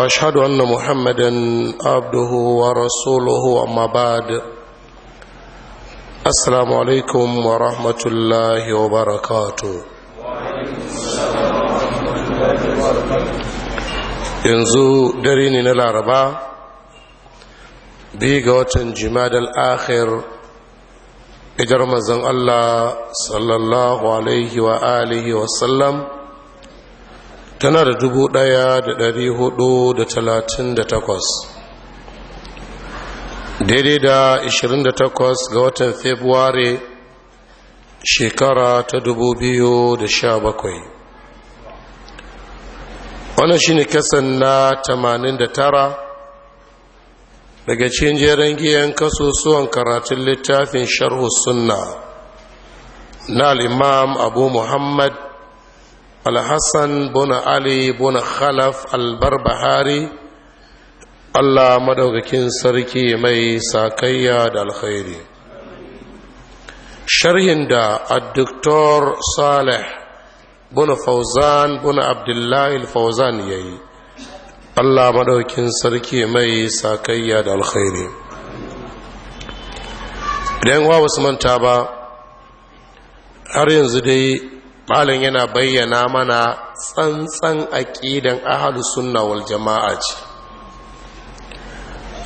واشهد ان محمدا عبده ورسوله اما بعد السلام عليكم ورحمه الله وبركاته yanzu dare ne na laraba biyu ga watan jimadal akhir ijar mazan allah sallallahu alaihi wa alihi wasallam tana da dubu ɗaya da dari hudu da talatin da takwas daidai da da takwas ga watan februari shekara ta dubu biyu da sha bakwai. wannan shine kasan na tamanin da tara daga cikin jeren giyan kasusuwan karatun littafin sharhu sunna na al'imam abu muhammad alhassan buna ali buna khalaf albarbahari allah madaukakin sarki mai sakayya da alkhairi sharhin da addoktor saleh buna fauzan buna abdullahi fauzan ya yi allah madaukakin sarki mai sakayya da alkhairi idan wa wasu manta ba har yanzu dai malam yana bayyana mana tsantsan aƙidan ahalus sunna wal jama'a ce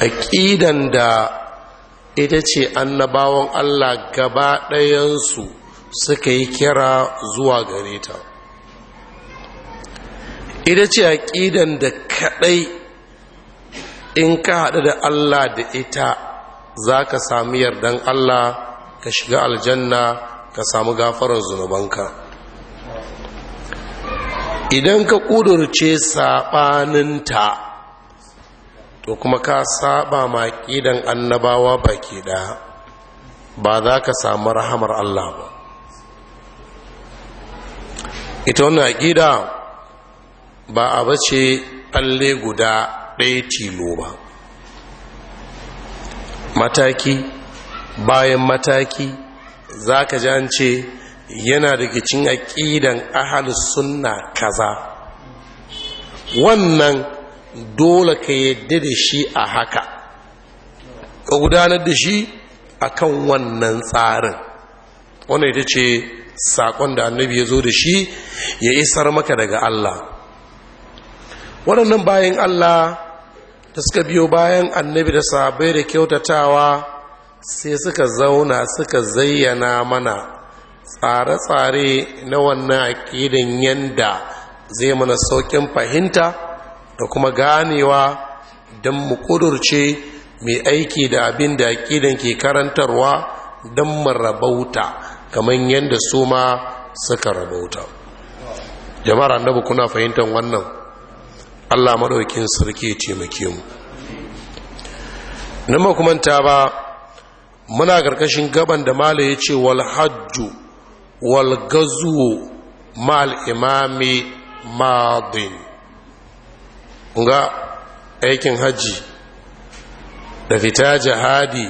aƙidan da ita ce annabawan Allah gaba ɗayansu suka yi kira zuwa gare ta ita ce aƙidan da kaɗai in ka haɗu da Allah da ita za ka sami yardan Allah ka shiga aljanna ka samu gafarar zunubanka idan ka ƙudurce saɓaninta to kuma ka saɓa ma ƙidan annabawa baki ɗaya ba za ka samu rahamar Allah ba ita wani aƙida ba a bace ɓalle guda ɗaya tilo ba mataki bayan mataki za ka ji yana rikicin aƙidan ahal sunna kaza wannan dole ka yadda da shi a haka ka gudanar da shi a kan wannan tsarin wannan ita ce saƙon da annabi ya zo da shi ya isar maka daga Allah waɗannan bayan Allah da suka biyo bayan annabi da sabai da kyautatawa sai suka zauna suka zayyana mana tsare-tsare na wannan aƙidan yanda zai mana saukin fahimta da kuma ganewa don mu ƙudurce mai aiki da abin da aƙidan ke karantarwa don mu rabauta kamar yadda su ma suka rabauta jama'ar annabu kuna fahimtar wannan allah maɗaukin sarki ce mu nan makumanta ba muna ƙarƙashin gaban da mala ya ce walhajju. والغزو ma'al الامام madin nga aikin hajji da fita jihadi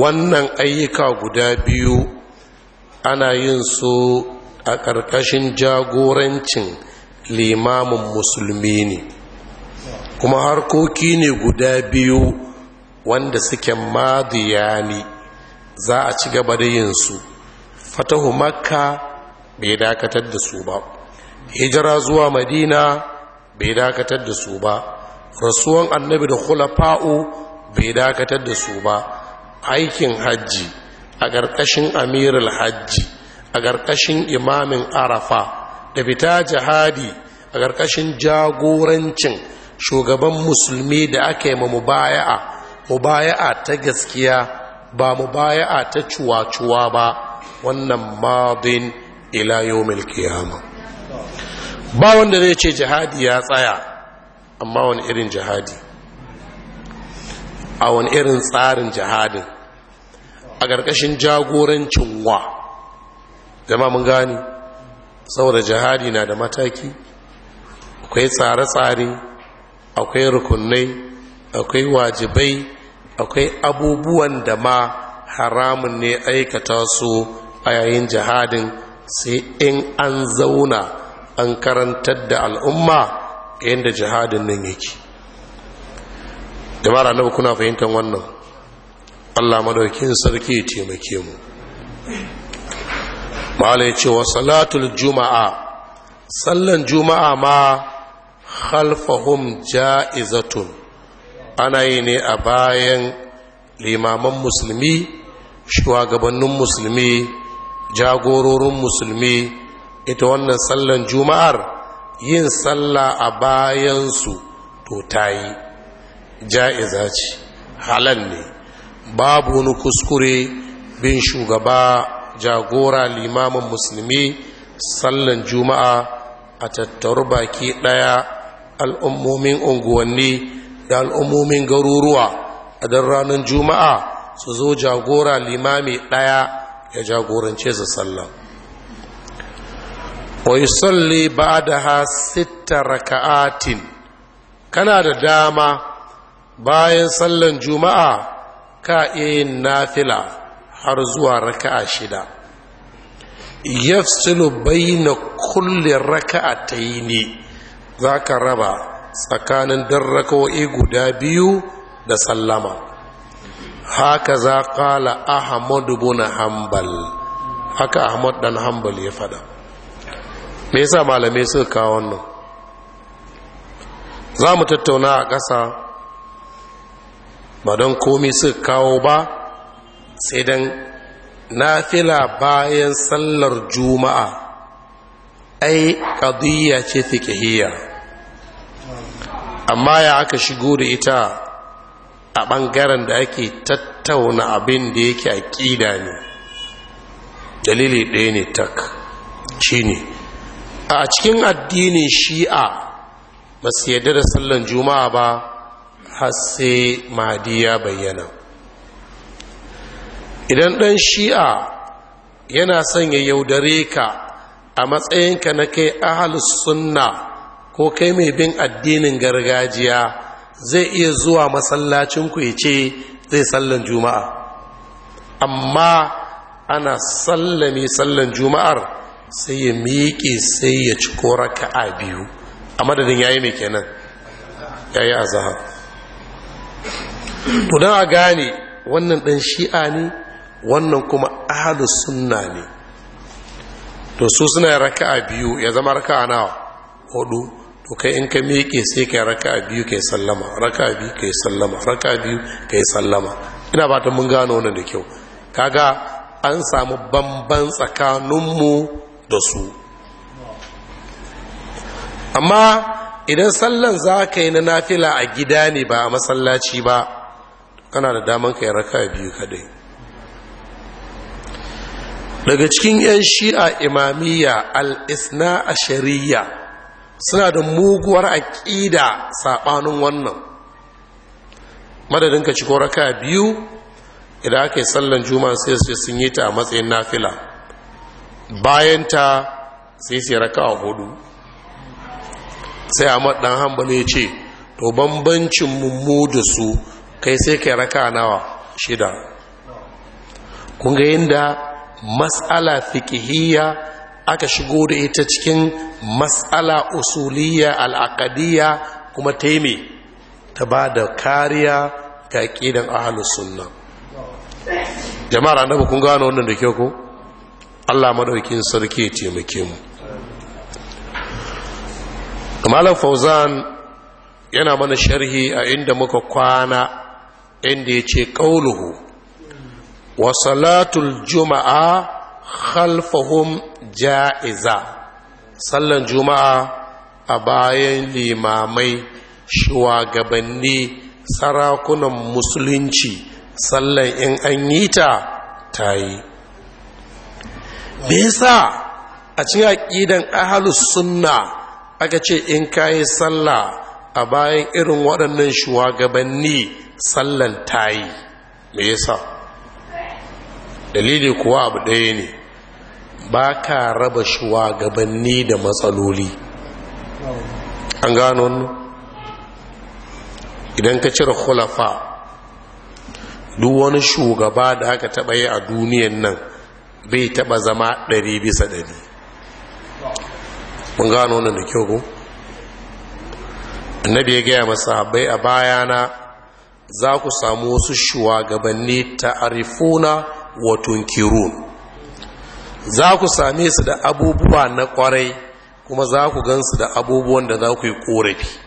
wannan ayyuka guda biyu ana yin su a ƙarƙashin jagorancin limamin musulmi ne kuma harkoki ne guda biyu wanda suke madiyani za a ci gaba da yin su fatahu makka bai dakatar da su ba hijira zuwa madina bai dakatar da su ba rasuwan annabi da khulafa'u bai dakatar da su ba aikin hajji a ƙarƙashin amirul hajji a ƙarƙashin imamin arafa da fita jihadi a ƙarƙashin jagorancin shugaban musulmi da aka yi ma mubaya'a mubaya'a ta gaskiya ba mubaya'a ta cuwa-cuwa ba wannan madin ila yawmil qiyama ba wanda zai ce jihadi ya tsaya amma wani irin jihadi a wani irin tsarin jihadin a ƙarƙashin jagorancin wa jama mun gani saboda jihadi na da mataki akwai tsare-tsare akwai rukunai akwai wajibai akwai abubuwan da ma haramun ne aikata su a yayin jihadin sai in an zauna an karantar da al'umma yadda jihadin nan yake jama'ar annabi kuna fahimtar wannan allah madaukin sarki ya taimake mu ma'ala ce wa salatul juma'a sallan juma'a ma khalfahum ja'izatun ana yi ne a bayan limaman musulmi shugabannin musulmi jagororin musulmi ita wannan sallan juma'ar yin salla a bayansu to ta yi ja'iza ce halal ne babu wani kuskure bin shugaba jagora limamin musulmi sallan juma'a a tattaru baki ɗaya al'ummomin unguwanni da al'ummomin garuruwa a don ranar juma'a su zo jagora limami ɗaya ya jagorance su sallah wa yusalli ba'daha sitta raka'atin kana da dama bayan sallan juma'a ka yin nafila har zuwa raka'a shida yafsilu yi kulli raka'ataini ka raba tsakanin darrako'i guda biyu da sallama haka za kala ahmadu bin hanbal haka ahmad dan hanbal ya fada me yasa malamai suka kawo wannan za mu tattauna a ƙasa ba don komi suka kawo ba sai don nafila bayan sallar juma'a ai ƙadiyya ce fikihiyya amma ya aka shigo da ita a ɓangaren da ake tattauna abin da yake aƙida ne dalili ɗaya ne tak shi ne a cikin addinin shi'a ba su yadda da sallan juma'a ba har sai ya bayyana idan ɗan shi'a yana son ya yaudare ka a matsayinka na kai ahal sunna ko kai mai bin addinin gargajiya zai iya zuwa masallacin ku ya ce zai sallan juma'a amma ana sallame sallan juma'ar sai ya miƙe sai ya ci koraka a biyu a madadin yayi mai kenan yayi a zaha to don a gane wannan ɗan shi'a ne wannan kuma ahadu sunna ne to su suna raka'a biyu ya zama raka'a nawa hudu to kai in ka miƙe sai kai raka biyu kai sallama raka biyu kai sallama raka biyu kai sallama ina ba ta mun gano wannan da kyau kaga an samu bamban tsakaninmu da su amma idan sallan za ka yi na nafila a gida ne ba a masallaci ba kana da daman ka yi raka biyu kadai daga cikin 'yan shi'a imamiyya al-isna a shari'a suna da muguwar aƙida saɓanin wannan madadin ka ciko raka biyu idan aka yi sallan juma'a sai su sun yi ta a matsayin nafila bayan ta sai su raka a hudu sai ahmad dan hanbali ya ce to bambancin mummu da su kai sai kai raka nawa shida kun ga yadda matsala fikihiyya aka shigo da ita cikin matsala usuliyya al’akadiyya kuma taime ta ba da kariya ga ƙidan ahalus sunna jama'ar annabi kun gano wannan da kyau ku? Allah maɗaukin sarki ya taimake mu Malam Fauzan yana mana sharhi a inda muka kwana inda ya ce ƙauluhu wa salatul juma'a khalfahum ja'iza sallan juma'a a bayan limamai shugabanni sarakunan musulunci sallan in an yi ta ta yi yasa a cikin aƙidan ahalus sunna aka ce in ka yi sallah a bayan irin waɗannan shugabanni sallan ta yi me yasa dalili kuwa abu ɗaya ne ba ka raba shugabanni da matsaloli an gano idan ka cire khulafa duk wani shugaba da aka taba yi a duniyan nan bai taba zama ɗari bisa ɗari mun gano wani da kyau ko annabi ya gaya bai a bayana za ku samu wasu shugabanni arifuna wa tunkirun za ku same su da abubuwa na kwarai kuma za ku gansu da abubuwan da za ku yi korafi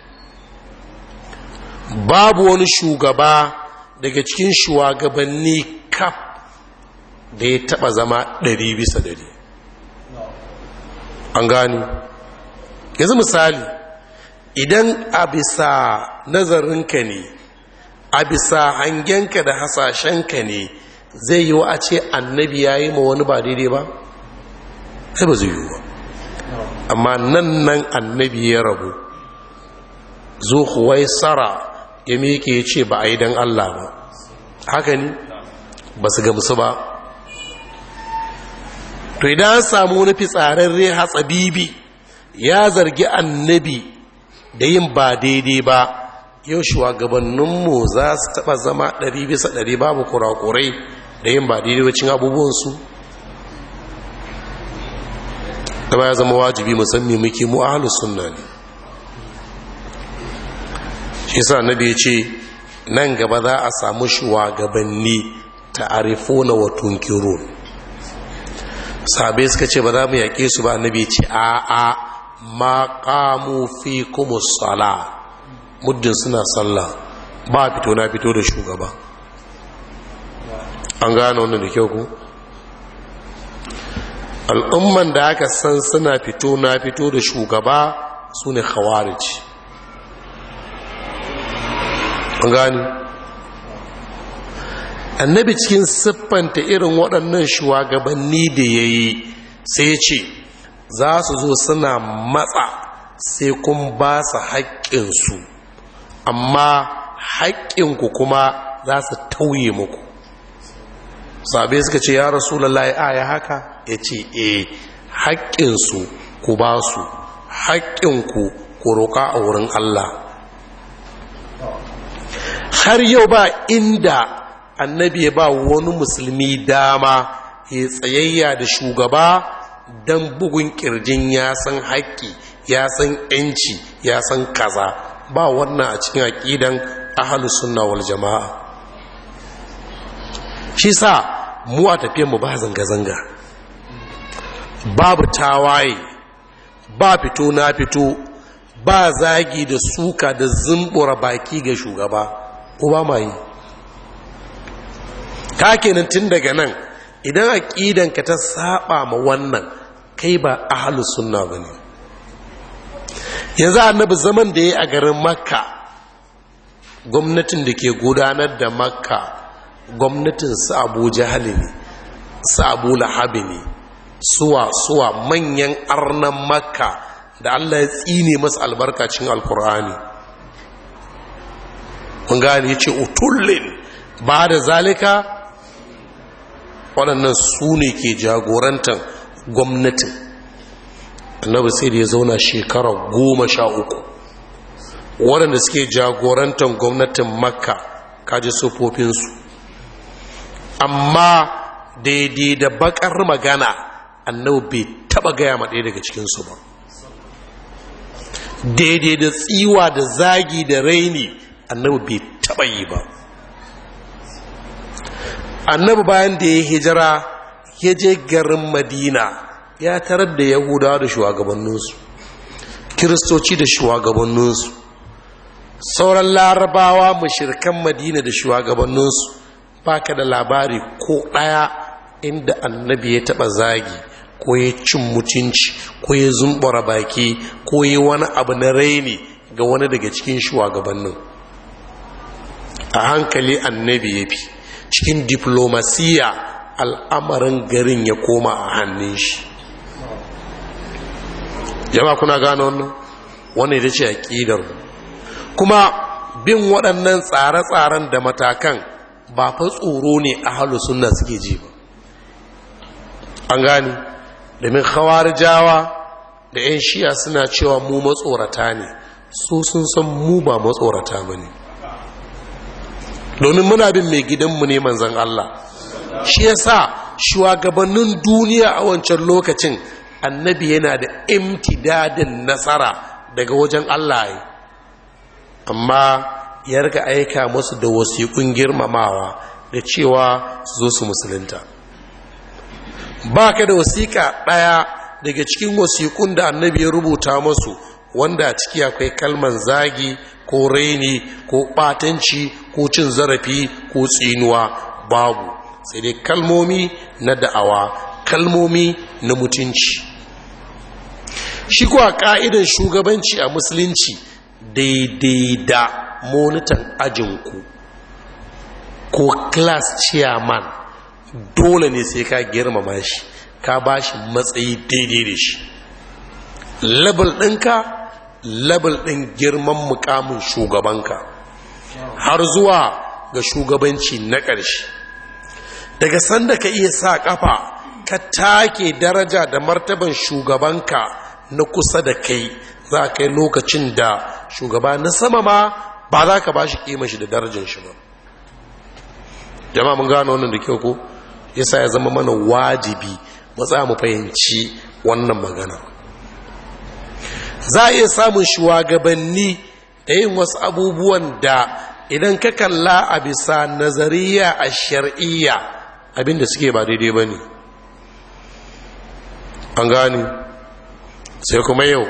babu wani shugaba daga cikin shugabanni kaf da ya taba zama ɗari bisa ɗari an gani yanzu misali idan a bisa nazarinka ne a bisa hangenka da hasashenka ne zai yi wa a ce annabi ya yi ma wani ba daidai ba ai ba zai yiwu ba amma nan nan annabi ya rabu zo kuwai tsara ya miƙe ya ce ba a yi don allah ba haka ne ba su gamsu ba to idan an samu wani fitsararre hatsabibi ya zargi annabi da yin ba daidai ba yau shugabanninmu za su taɓa zama ɗari babu kurakurai da yin ba daidai wacin abubuwansu kuma ya zama wajibi musamman muke mu ahlus sunna ne shi yasa nabi ya ce nan gaba za a samu shugabanni ta'arifuna wa kiro sabai suka ce ba za mu yake su ba nabi ya ce a a ma qamu fi sala muddin suna sallah ba fito na fito da shugaba an gane wannan da kyau ku al'umman da aka san suna fito na fito da shugaba su ne An gani annabi cikin siffanta irin waɗannan shugabanni da ya yi sai ya ce za su zo suna matsa sai kun ba su haƙƙinsu amma haƙƙinku kuma za su tauye muku sabe suka ce ya rasulullah ya aya haka ya ce e haƙƙinsu ku ba su haƙƙinku ku roƙa a wurin Allah har yau ba inda annabi ya ba wani musulmi dama ya tsayayya da shugaba don bugun ƙirjin ya san haƙƙi ya san ‘yanci ya san kaza ba wannan a cikin aƙidan ahalussunna wal jama'a shi sa mu a mu ba zanga-zanga babu tawaye ba fito na fito ba zagi da suka da zumbura baki ga shugaba ko ba ma yi ka kenan tun daga nan idan aƙidanka ta saba ma wannan kai ba ahalus sunna ba ne yanzu annabi zaman da ya a garin makka gwamnatin da ke gudanar da makka gwamnatin su abu jahali ne su abu lahabi ne suwa suwa manyan arnan makka da allah ya tsine masu albarkacin alkur'ani kun gane ya ce utullin ba da zalika waɗannan su ne ke jagorantar gwamnatin annabi sai da ya zauna shekara goma sha uku waɗanda suke jagorantar gwamnatin makka kaji sufofinsu amma daidai da bakar magana annabi bai taba gaya ma ɗaya daga cikinsu ba daidai da tsiwa da zagi da raini annabi bai taba yi ba annabi bayan da ya hijira ya je garin madina ya tarar da yahudawa da shugabanninsu kiristoci da shugabanninsu sauran larabawa mashirkan madina da shugabanninsu baka da labari ko ɗaya inda annabi ya taɓa zagi ko ya cin mutunci ko ya zumbura baki ko ya wani abu na raini ga wani daga cikin shugabannin a hankali annabi ya fi cikin diplomasiya al'amarin garin ya koma a hannun shi jama'a kuna gano wannan wannan da ce kidar kuma bin waɗannan tsare-tsaren da matakan ba fa tsoro ne a halu suna suke ji ba an gani domin khawarijawa da 'yan shiya suna cewa mu matsorata ne so sun san mu ba matsorata ba ne domin muna bin mai gidanmu ne manzan Allah shi ya sa shugabannin duniya a wancan lokacin annabi yana da imtidadin nasara daga wajen Allah amma ya rika aika musu da wasiƙun girmamawa da cewa su zo su musulunta ba ka da wasiƙa ɗaya daga cikin wasiƙun da annabi ya rubuta musu wanda a ciki akwai kalman zagi ko raini ko ɓatanci ko cin zarafi ko tsinuwa babu sai dai kalmomi na da'awa kalmomi na mutunci shi kuwa ka'idan shugabanci a musulunci daidai da monitan ajinku ko class chairman dole ne sai ka girmama shi ka ba shi matsayi daidai da shi label ɗinka label ɗin girman mukamin shugabanka har zuwa ga shugabanci na ƙarshe daga sanda ka iya sa ƙafa ka take daraja da martaban shugabanka na kusa da kai za a kai lokacin da shugaba na sama ma ba za ka ba shi kima shi da darajar shi ba jama'a mun gano wannan da kyau ko yasa ya zama mana wajibi mu tsaya mu fahimci wannan magana za a iya samun shugabanni da yin wasu abubuwan da idan ka kalla a bisa nazariya a shari'a. abinda suke ba daidai ba ne an gani sai kuma yau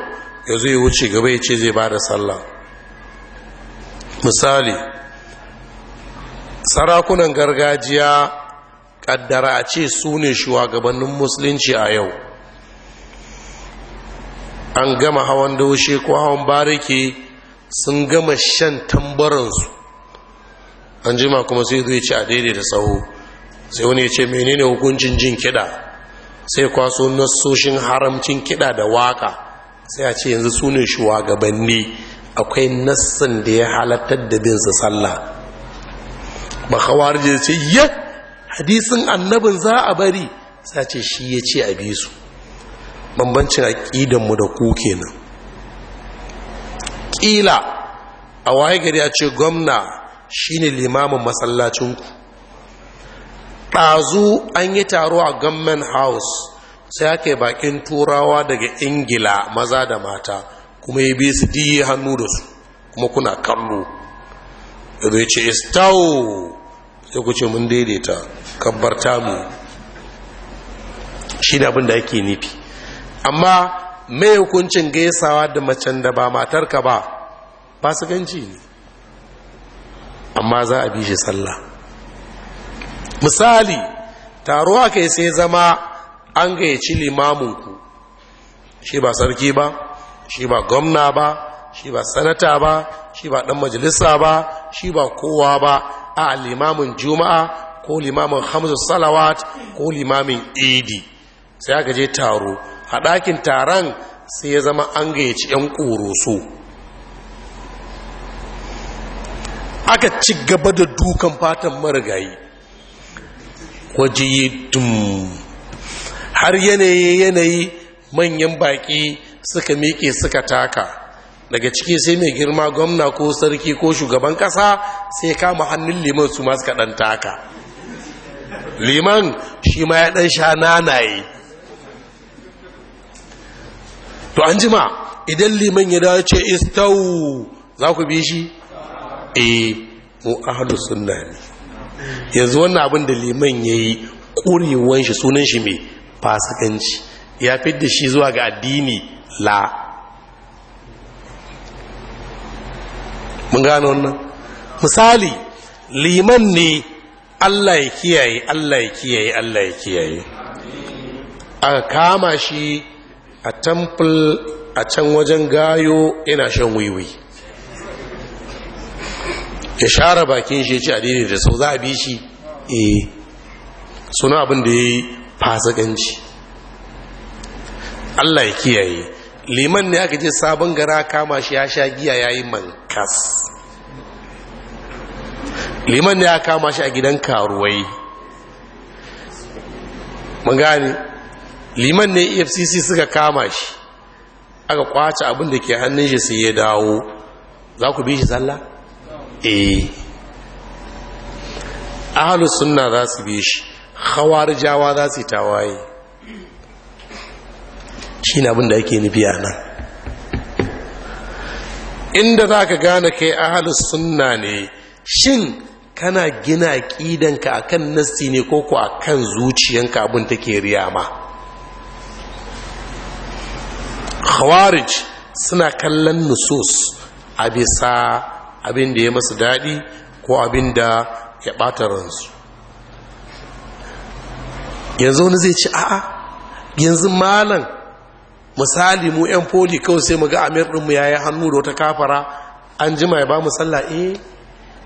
ya zai wuce gaba ya ce zai ba da sallah misali sarakunan gargajiya kaddara a ce su ne shugabannin musulunci a yau an gama hawan daushe ko hawan bariki sun gama shan tambaransu an jima kuma sai zai ci a daidai da tsawo sai wani ya ce menene hukuncin jin kiɗa sai kwaso nasoshin haramcin kiɗa da waka sai a ce yanzu su ne shugabanni akwai nassin da ya halattar da bin su sallah ba kawarje ce ya hadisin annabin za a bari sai ce shi ya ce a bisu. su bambancin aƙidanmu da ku kenan ƙila a waye gari a ce gwamna shine limamin masallacinku ɗazu an yi taro a government house sai ake bakin turawa daga ingila maza da mata kuma ya bisu su diye hannu da su kuma kuna kallo da zai ce istawo sai ku ce mun daidaita kabbarta mu shi da abin da ake nufi amma mai hukuncin gaisawa da macen da ba ka ba ba su ganci ne amma za a bi shi sallah misali taruwa kai sai zama an gayyaci limamunku. shi ba sarki ba shi ba gwamna ba shi ba sanata ba shi ba ɗan majalisa ba shi ba kowa ba a limamin juma'a ko limamin hamza salawat ko limamin idi sai aka je taro a ɗakin taron sai ya zama an gayyaci 'yan ƙoroso aka ci gaba da dukan fatan marigayi waje yi dum har yanayi yanayi manyan baƙi suka miƙe suka taka daga ciki sai mai girma gwamna ko sarki ko shugaban ƙasa sai kama hannun liman su ma suka taka liman shi ma ya ɗan sha nanaye to an jima idan liman ya dace ce istau za ku bi shi eh mu ahlu sunna ne yanzu wannan abin da liman yayi kurewan shi sunan shi mai fasikanci ya fi da shi zuwa ga addini la mun gano wannan misali liman ne Allah ya kiyaye Allah ya kiyaye Allah ya kiyaye A kama shi a temple a can wajen gayo yana shan wiwi ya share bakin shi ya ci adini da sau za a bi shi eh suna abin da ya yi Allah ya kiyaye liman ne aka je sabon gara kama shi ya sha giya ya yi mankas liman ne ya kama shi a gidan karuwai mun gane liman ne efcc suka kama shi aka kwace abin da ke hannun shi sai ya dawo za ku bi shi sallah? eh ahalus sunna za su bi shi hawar jawa za su yi tawaye shi na abin da ake nufi a nan inda za ka gane kai ahalus sunna ne shin kana gina ƙidanka a kan nassi ne ko ko a kan zuciyanka abin take riya ma khawarij suna kallon nusus a bisa abin da ya masu daɗi ko abin da ya ɓata ransu yanzu wani zai ci a'a yanzu malam misali mu yan foli kawai sai mu ga amir ɗinmu ya yi hannu da wata kafara an jima ya ba mu sallah eh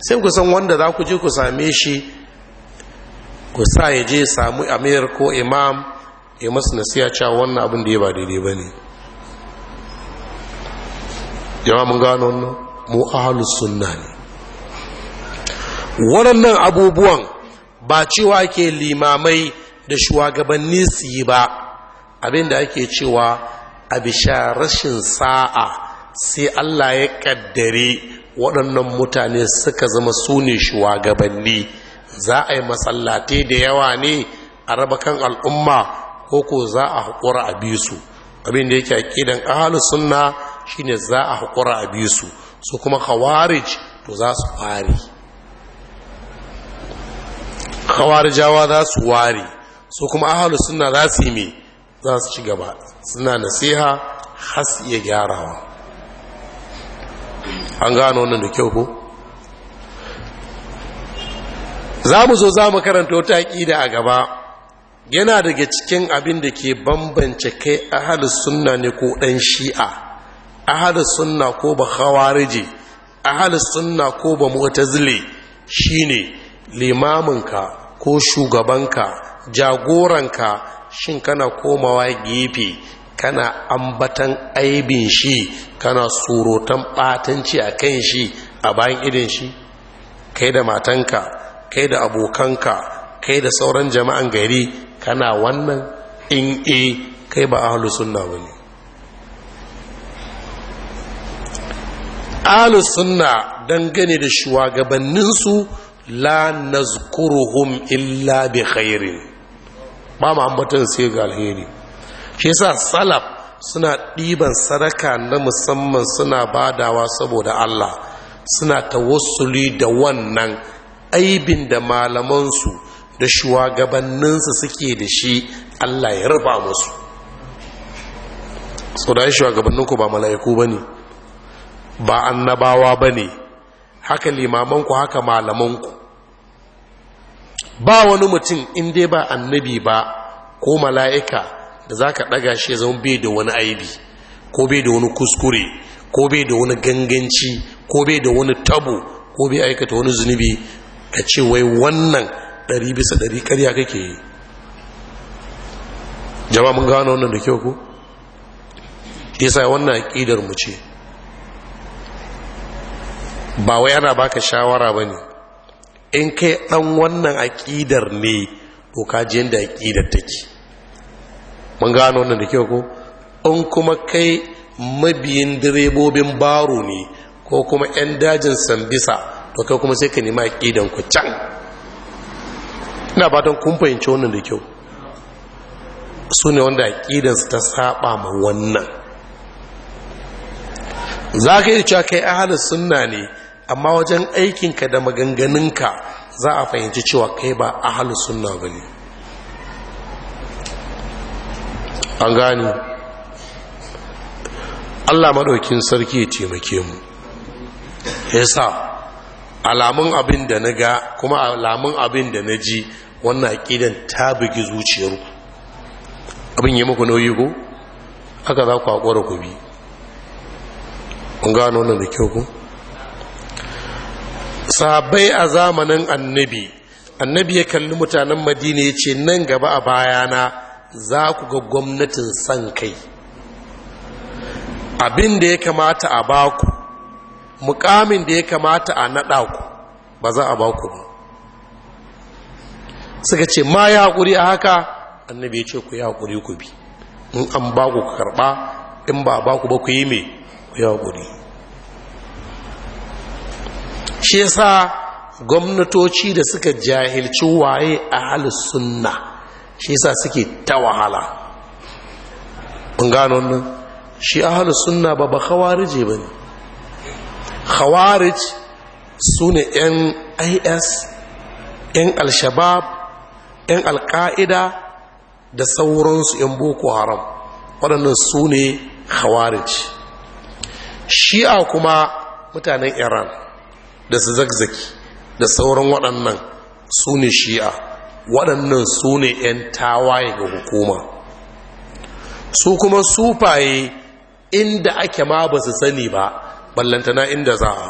sai ku san wanda za ku je ku same shi ku sa ya je samu amir ko imam ya masu nasiya cewa wannan abin da ya ba daidai ba ne yawa mun gano wannan mu ahalus sunna ne waɗannan abubuwan ba cewa ke limamai da shugabanni su yi ba abin da ake cewa a bisha rashin sa'a sai Allah ya kaddare waɗannan mutane suka zama su ne shugabanni za a yi masallatai da yawa ne a raba kan al'umma ko ko za a haƙura a bi su abin da yake aƙidan ahalus sunna shine za a haƙura a bi su su kuma khawarij to za su ware khawarijawa za su ware su kuma ahalus sunna za su yi me za su ci gaba suna nasiha has iya gyarawa an gano wannan da kyau ko za mu zo za mu karanta wata aƙida a gaba yana daga cikin abin da ke bambance kai ahalus sunna ne ko ɗan shi'a ahalus sunna ko ba khawariji ahalus sunna ko ba mu'tazili shine ka ko shugabanka jagoranka shin kana komawa gefe kana ambatan aibin shi kana surutan batanci a kan shi a bayan idin shi kai da matanka kai da abokanka kai da sauran jama'an gari kana wannan in e kai ba ahalus sunna bane ahalus sunna dangane da shugabanninsu la nazkuruhum illa bi khairin ba mu ambatan sai ga alheri shi yasa salaf suna ɗiban sadaka na musamman suna badawa saboda Allah suna tawassuli da wannan aibin da malamansu da shugabanninsu suke da shi Allah ya rufa musu tsoron shugabanninku ba mala'iku ba ba annabawa bane haka limamanku haka malamanku ba wani mutum in dai ba annabi ba ko mala'ika da za ka ɗaga shi ya zama bai da wani aibi ko bai da wani kuskure ko bai da wani ganganci ko bai da wani tabo ko bai aikata wani zunubi ka ce wai wannan ɗari bisa ɗari ƙarya kake yi jama mun gano wannan da kyau ko yasa wannan ƙidar mu ce ba wai ana baka shawara ba ne in kai ɗan wannan aƙidar ne to kaji yadda aƙidar take mun gano wannan da kyau ko in kuma kai mabiyin direbobin baro ne ko kuma 'yan dajin sambisa to kai kuma sai ka nema aƙidan ku can ina fatan kun fahimci wannan da kyau su ne wanda aƙidansu ta saba ma wannan za ka yi cewa kai ahalar sunna ne amma wajen aikinka da maganganunka za a fahimci cewa kai ba halin suna ba ne an gani allah maɗaukin sarki ya taimake mu yasa alamun abin da na ga kuma alamun abin da na ji wannan aƙidan ta bugi zuciyarku abin yi muku nauyi ko haka za ku haƙura ku bi An gano wannan da kyau ku Sabai a zamanin annabi annabi ya kalli mutanen madina ya ce nan gaba a bayana za ku ga gwamnatin san kai abin da ya kamata a baku mukamin da ya kamata a naɗa ku ba za a baku ba suka ce ma ya haƙuri a haka annabi ya ce ku ya haƙuri ku bi in an baku ku karɓa in ba a baku ba ku yi me ku ya haƙuri shi yasa gwamnatoci da suka jahilci waye a halin sunna shi yasa suke ta wahala kun gano nan shi a ahalu sunna ba ba khawarije ba ne khawarij su ne yan is yan al-shabab yan al-qa'ida da sauransu yan boko haram waɗannan su ne khawarij shi'a kuma mutanen iran da su zagzaki da sauran waɗannan su ne shi'a waɗannan su ne 'yan tawaye ga hukuma su kuma sufaye inda ake ma ba su sani ba ballantana inda za a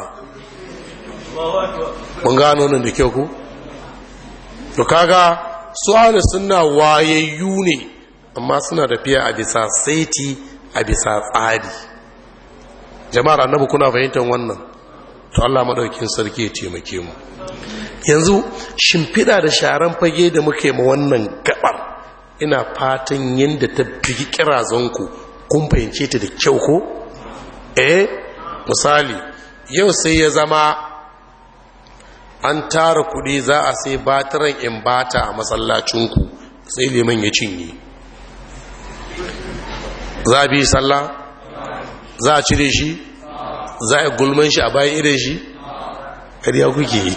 mun gano nan da kyau ku? to kaga su ala suna wayayyu ne amma suna tafiya a bisa saiti a bisa tsari jama'ar annabu kuna fahimtar wannan to Allah madaukin sarki ya taimake mu yanzu shimfiɗa da sharan fage da muke ma wannan gabar ina fatan yadda ta bigi ku, kun fahimce ta da kyau ko eh misali yau sai ya zama an tara kuɗi za a sai batiran in bata a masallacinku sai liman ya cinye za a bi sallah za a cire shi za a gulman shi a bayan idan shi ƙarya kuke yi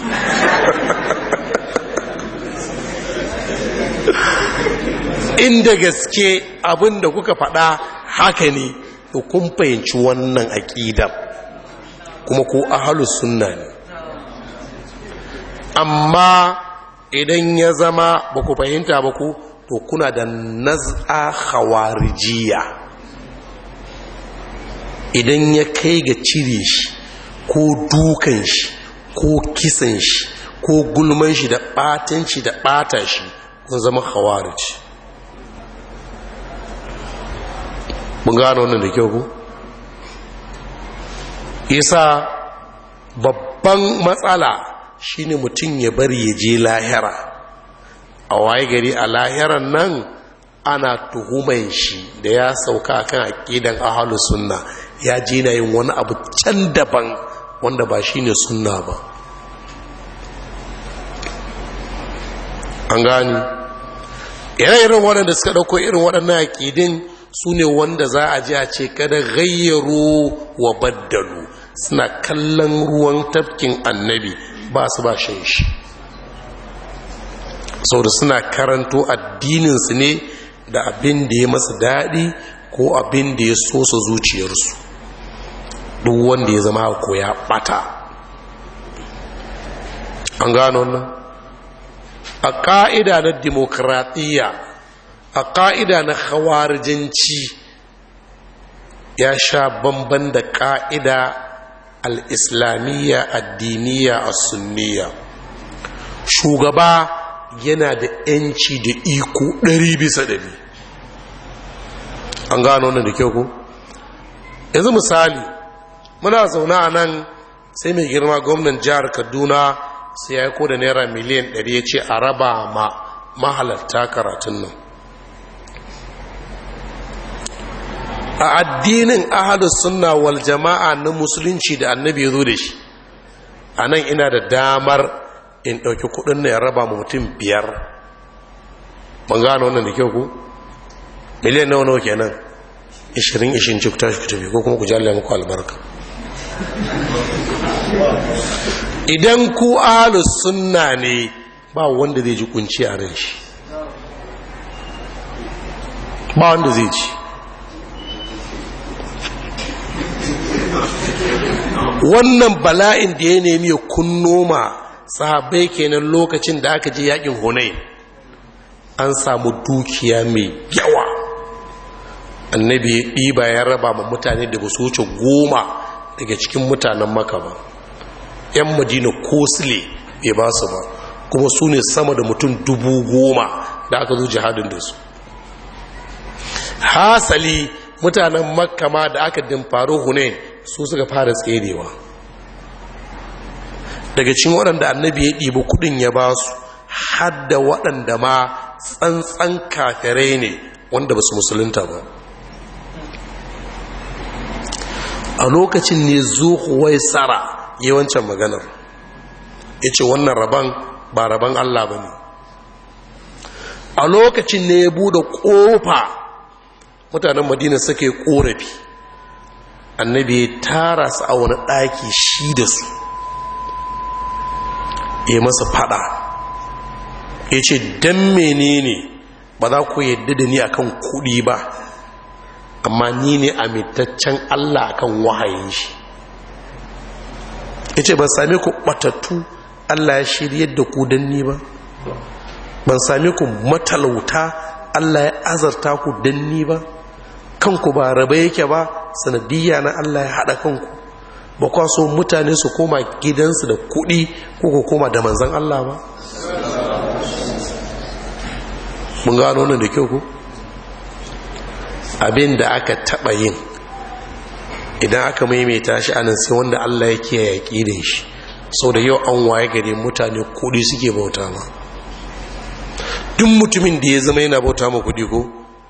inda gaske abin da kuka faɗa haka ne da kun fahimci wannan aƙidar kuma ko ahalu sunna ne amma idan ya zama ba ku fahimta ba ku to kuna da naz'a khawarijiya idan ya kai ga cire shi ko dukan shi ko kisan shi ko gulman shi da ɓatan da bata shi kun zama hawarici mun gano wannan da kyau ku isa babban matsala shine mutum ya bari ya je lahira a waye gari a lahiran nan ana tuhuman shi da ya sauka kan aƙidan ahlus sunna ya je na yin wani abu can daban wanda ba shi ne sunna ba an gani ire-iren waɗanda suka ɗauko irin waɗannan aƙidin su ne wanda za a ji a ce kada gayyaro wa baddalu suna kallon ruwan tafkin annabi ba su ba shan shi sau suna karanto addininsu ne da abin da ya masu daɗi ko abin da ya so su zuciyarsu duk wanda ya zama ko ya bata an gano nan a ka'ida na demokradiyya a ka'ida na hawarjinci ya sha bamban da ƙa'ida al'islamiyya addiniya a sunniya shugaba yana da ‘yanci da iko ɗari bisa ɗari an gano wannan da kyau ku yanzu misali muna zauna a nan sai mai girma gwamnan jihar kaduna sai ya ko da naira miliyan 100 ya ce a raba ma mahalarta karatun nan a addinin ahalus sunna wal jama'a na musulunci da annabi zo da shi a nan ina da damar in ɗauki kuɗin na ya raba ma mutum biyar ban gano wannan da kyau ku miliyan nawa nawa kenan 20 ishin ci ku tashi ku tafi ko kuma ku jalle muku albarka idan ku ahlus sunna ne ba wanda zai ji kunci a ran shi ba wanda zai ji wannan bala'in da ya nemi ya kunno ma kenan lokacin da aka je yakin hunain an samu dukiya mai yawa annabi ya ɗiba ya raba ma mutane da su wuce goma daga cikin mutanen maka ba yan madina ko sile bai ba su ba kuma su ne sama da mutum dubu goma da aka zo jihadin da su hasali mutanen makka ma da aka dimfaru hunain su suka fara tserewa daga cikin waɗanda annabi ya ɗibi kuɗin ya ba su hadda waɗanda ma tsantsan kafirai ne wanda ba su musulunta ba a lokacin ne wai tsara yawancin maganar ya ce wannan rabon ba rabon allah ba ne a lokacin ne ya bude ƙofa mutanen madina suke ƙorafi annabi ya tara su a wani ɗaki shi da su ya masa fada ya ce don menene ba za ku yadda da ni a kan kuɗi ba amma ni ne amintaccen Allah kan wahayin shi Ya ce ban sami ku ɓatattu Allah ya shiryar da ku dan ni ba ban sami ku matalauta Allah ya azarta ku dan ni ba kanku ba raba yake ba sanadiyya na Allah ya haɗa kanku ba kwa so mutane su koma gidansu da kuɗi ko ku koma da manzan Allah ba mun gano nan da kyau ko abin da aka taɓa yin idan aka maimaita shi anan sai wanda Allah ya kiyaye da shi sau da yau an waye gare mutane kuɗi suke bauta ma duk mutumin da ya zama yana bauta ma kuɗi ko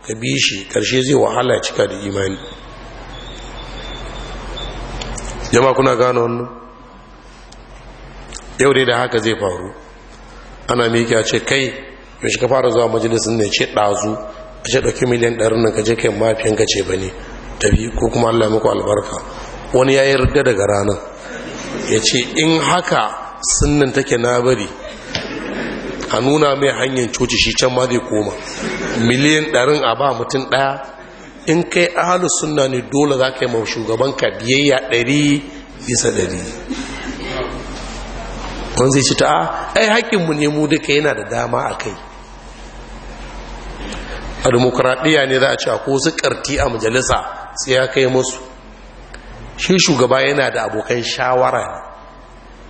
ka bi shi karshe zai wahala cika da imani jama kuna gano wannan yau dai da haka zai faru ana miƙa ce kai yaushe ka fara zuwa majalisun ne ce ɗazu ce ɗauki miliyan ɗarin nan ka je kai mafiyan ka ce ba ne tafi ko kuma allah muku albarka wani ya yi daga ranar ya ce in haka sunnan take na bari a nuna mai hanyar coci shi can ma zai koma miliyan ɗarin a ba mutum ɗaya in kai ahalu sunna ne dole za ka yi ma shugaban ka biyayya ɗari bisa ɗari wani zai ci ta a ai haƙƙinmu ne mu duka yana da dama a kai a demokuraɗiyya ne za a ce ko su karti a majalisa sai ya kai musu shi shugaba yana da abokan shawara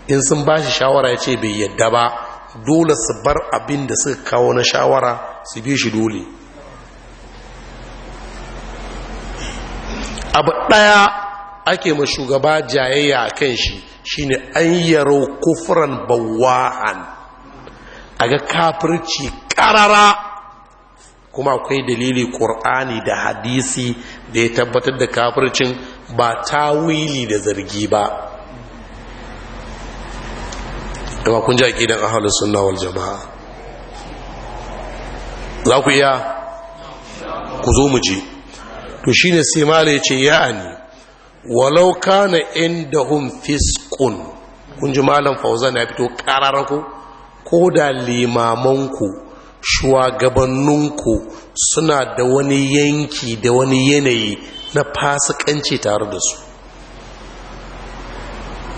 in sun ba shi shawara ya ce bai yadda ba dole su bar abin da suka kawo na shawara su bi shi dole abu ɗaya ake ma shugaba jayayya a kan shi shine an yaro kufuran bawa'an a ga kafirci ƙarara kuma akwai dalili ƙur'ani da hadisi da ya tabbatar da kafircin ba tawili da zargi ba da kun ji aƙidan ahalus sunna wal jama'a za ku iya ku zo mu ji to ne sai mala ya ce ya'ani walau kana hun fiskun kun ji malam fauzan ya fito kararraku? ko da limamanku shugabanninku suna da wani yanki da wani yanayi na fasikanci tare da su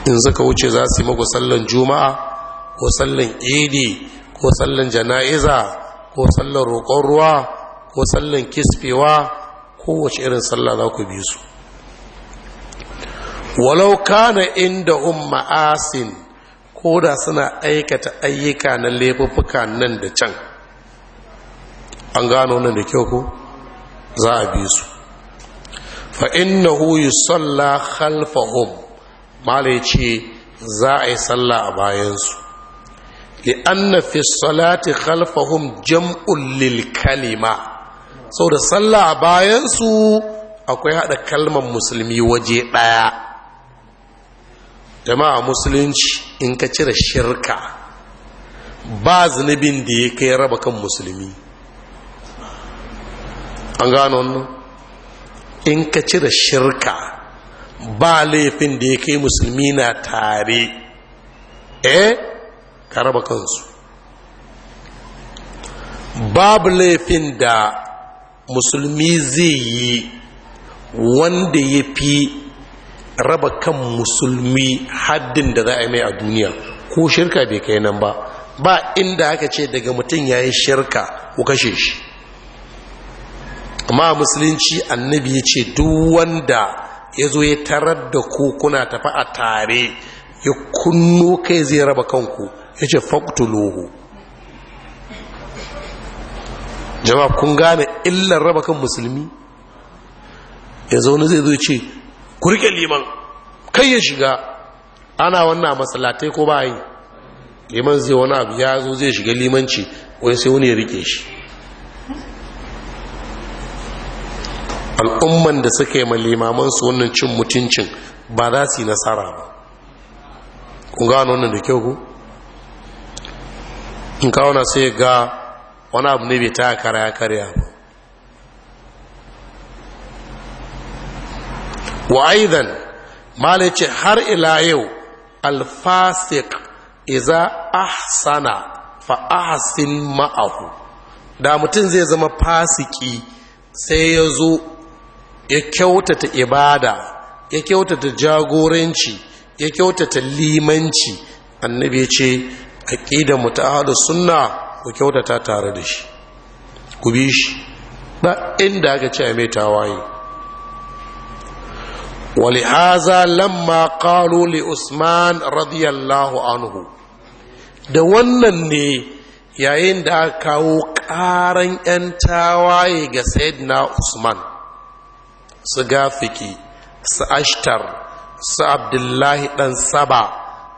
in suka wuce za su yi maku sallan juma'a ko sallan idi ko sallan jana'iza ko sallan roƙon ruwa ko sallan kisfewa kowace irin sallah za ku bi su walau kana inda umma asin ko da suna aikata ayyuka na laifuffuka nan da can an gano wannan da kyau ko za a bi su fa innahu yusalla khalfahum malai ce za a yi sallah a bayansu li anna fi salati khalfahum jam'un lil kalima da sallah a bayansu akwai hada kalmar musulmi waje daya jama'a musulunci in ka cire shirka ba zunubin da ya kai raba kan musulmi an gano wannan in ka cire shirka ba laifin da ya kai musulmi na tare eh ka raba kansu babu laifin da musulmi zai yi wanda ya fi raba kan musulmi haddin da za a yi mai a duniya ko shirka bai kai nan ba ba inda aka ce daga mutum ya yi shirka ku kashe shi amma musulunci annabi ya ce duk wanda ya zo ya tarar da ku kuna tafi a tare ya kunno kai zai raba kanku ya ce faktulohu jama'a kun gane illar raba kan musulmi ya zaune zai zo ce ku liman kai ya shiga ana wannan matsalatai ko ba yi liman zai wani abu ya zo zai shiga limanci wai sai wani ya rike shi al'umman da suka yi su wannan cin mutuncin ba za su yi nasara ba kun gano wannan da kyau ku in kawo na sai ga wani abu ne bai ta kara ya karya ba wa aidan malice har ila yau alfasik iza ahsana fa ahsin ma'ahu da mutum zai zama fasiki sai ya zo ya kyautata ibada ya kyautata jagoranci ya kyautata limanci annabi ya ce aqidar mu sunna ku kyautata tare da shi ku bi shi ba inda aka ce mai tawaye ولهذا لما قالوا لعثمان رضي الله عنه da wannan ne yayin da aka kawo ƙaran 'yan tawaye ga sayyidina Usman su gafiki su ashtar su abdullahi ɗan saba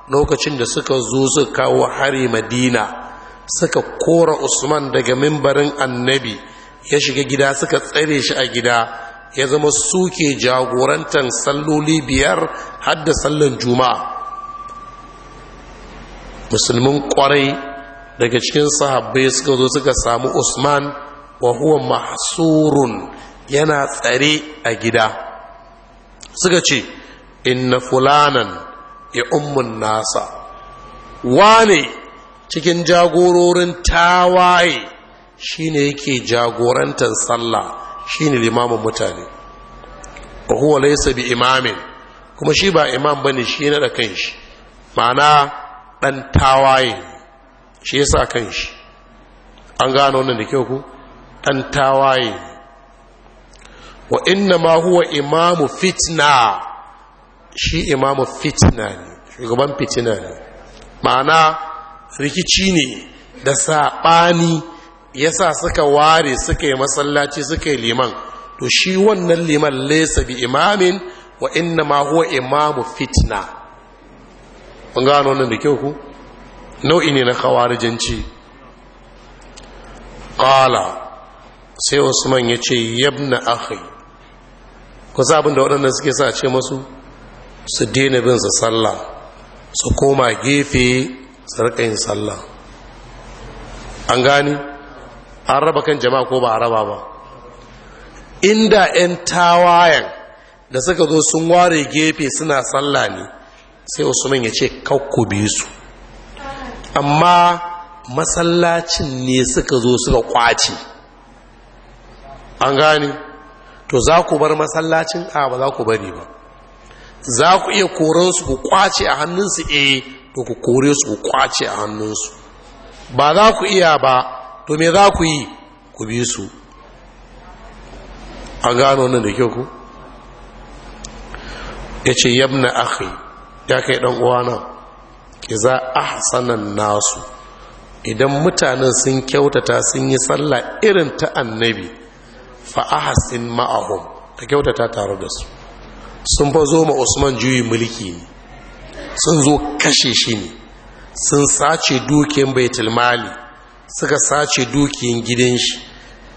lokacin da suka zo su kawo hari madina suka kora usman daga mimbarin annabi ya shiga gida suka tsare shi a gida ya zama suke jagorantar salloli biyar hadda sallan juma'a musulmin kwarai daga cikin sahabbai suka zo suka samu usman wa huwa mahsurun yana tsare a gida suka ce inna fulanan ya ummun nasa wane cikin jagororin tawaye shine yake jagorantar sallah shine limamin mutane ba huwa laisa bi imamin kuma shi ba imam bane shi na da kanshi ma'ana dan tawaye shi yasa kanshi an gano wannan da kyau ku dan tawaye wa inna ma huwa imamu fitna shi imamu fitna ne shugaban fitina ne ma'ana rikici ne da saɓani yasa suka ware suka yi masallaci suka yi liman to shi wannan liman laisa bi imamin wa inna ma huwa imamu fitna kun gano wannan da kyau ku nau'i ne na khawarijanci qala sai usman ce yabna akhi kusa abin da waɗannan suke sa ce masu su daina bin su sallah su koma gefe su rika yin sallah an gani an raba kan jama'a ko ba a raba ba inda 'yan tawayen da suka zo sun ware gefe suna sallah ne sai usman ya ce biyu su amma masallacin ne suka zo suka kwace an gani to za ku bar masallacin a ba za ku bari ba za ku iya koren su ku kwace a hannunsu eh to ku kore su ku kwace a hannunsu ba za ku iya ba to me za ku yi ku bi su A gano nan da kyau ku ya ce yabna akhi ya kai dan uwana iza ahsanan nasu idan mutanen sun kyautata sun yi sallah irin ta annabi fa'ahasin ma'ahum ka kyautata tare da su sun fa zo ma usman juyi mulki ne sun zo kashe shi ne sun sace dukiyan baitulmali, tilmali suka sace dukiyan gidan shi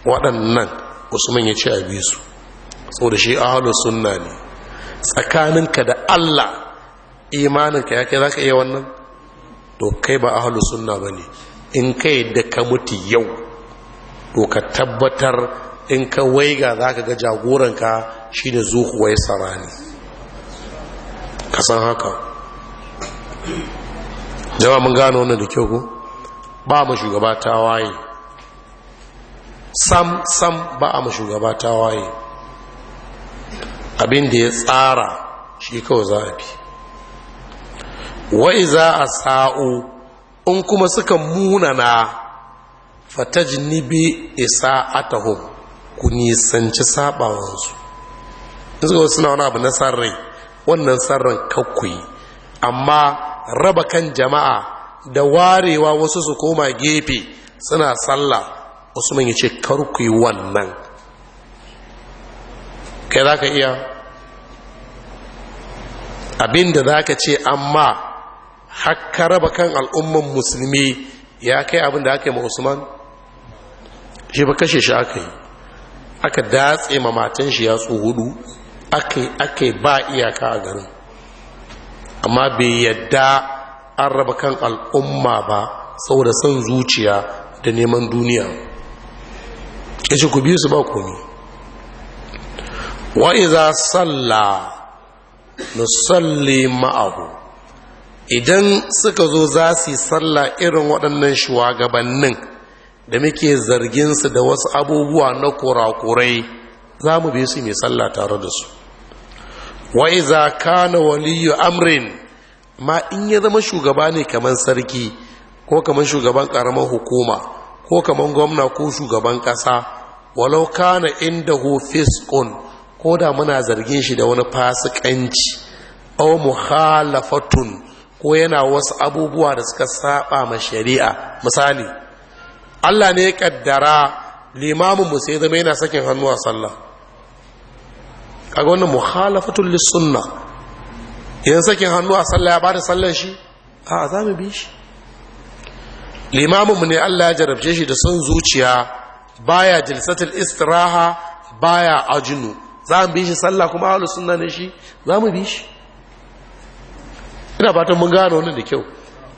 waɗannan usman ya ce a bi su saboda shi ahalu sunna ne tsakaninka da allah imaninka ya kai za ka iya wannan to kai ba ahalu sunna ba ne in kai da ka mutu yau to ka tabbatar in ka waiga za ka ga jagoranka shi da ya sarani ka san haka jama mun gano wannan da kyau ku ba mu shugaba ta waye sam sam ba mu shugaba ta waye abin da ya tsara shi kawai za a bi wa'i za a sa'o in kuma suka munana fatajnibi isa'atahum ku nisanci saɓawansu in suka suna wani abu na san wannan san ran amma raba kan jama'a da warewa wasu su koma gefe suna sallah wasu ya ce karkwai wannan kai za ka iya abinda za ka ce amma haka raba kan al'umman musulmi ya kai abin da aka yi ma usman shi ba kashe shi aka yi aka datse ma matan shi yatsu hudu aka ba iyaka a garin amma bai yadda an raba kan al'umma ba saboda son zuciya da neman duniya yace ku biyu su ba komi wa iza salla nusalli ma'ahu idan suka zo za su yi salla irin waɗannan shugabannin da muke zarginsu da wasu abubuwa na kurakurai za mu bi su mai sallah tare da su wa iza kana waliyu amrin ma in ya zama shugaba ne kamar sarki ko kamar shugaban karamar hukuma ko kamar gwamna ko shugaban kasa walau kana inda hu fiskun ko da muna zargin shi da wani fasikanci aw muhalafatun ko yana wasu abubuwa da suka saba ma shari'a misali Allah ne ya kaddara limamin mu sai zama yana sakin hannu a sallah kaga wannan mukhalafatul lisunna yan sakin hannu a sallah ya bada sallar shi a za mu bi shi limamin mu ne Allah ya jarabce shi da sun zuciya baya jilsatul istiraha baya ajinu za mu bi shi sallah kuma ahlus sunna ne shi za mu bi shi ina fatan mun gano wannan da kyau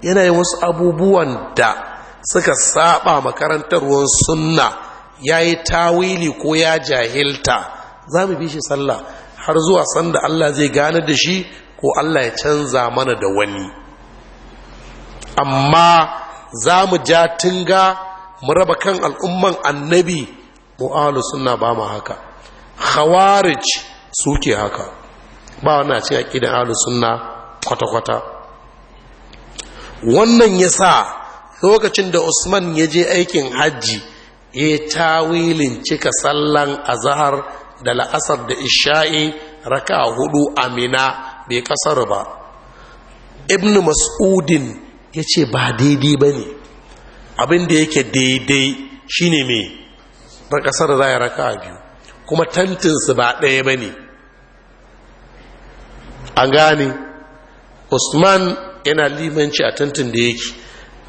yana yin wasu abubuwan da suka saba makarantarwar sunna ya yi tawili ko ya jahilta za mu bi shi sallah har zuwa sanda Allah zai gane da shi ko Allah ya canza mana da wani amma za mu ja tunga mu raba kan al'umman annabi mu'alu suna ba mu haka khawarij suke haka ba wani a aƙidan alu sunna kwata-kwata wannan ya sa lokacin da usman ya je aikin hajji ya tawilin cika sallan azahar da la'asar da isha'i raka hudu amina bai kasar ba ibn mas'udin ya ce ba daidai ba ne abin yake daidai shine mai rakasar za ya raka biyu kuma tantinsu ba ɗaya ba ne an gane usman yana limanci a tantin da yake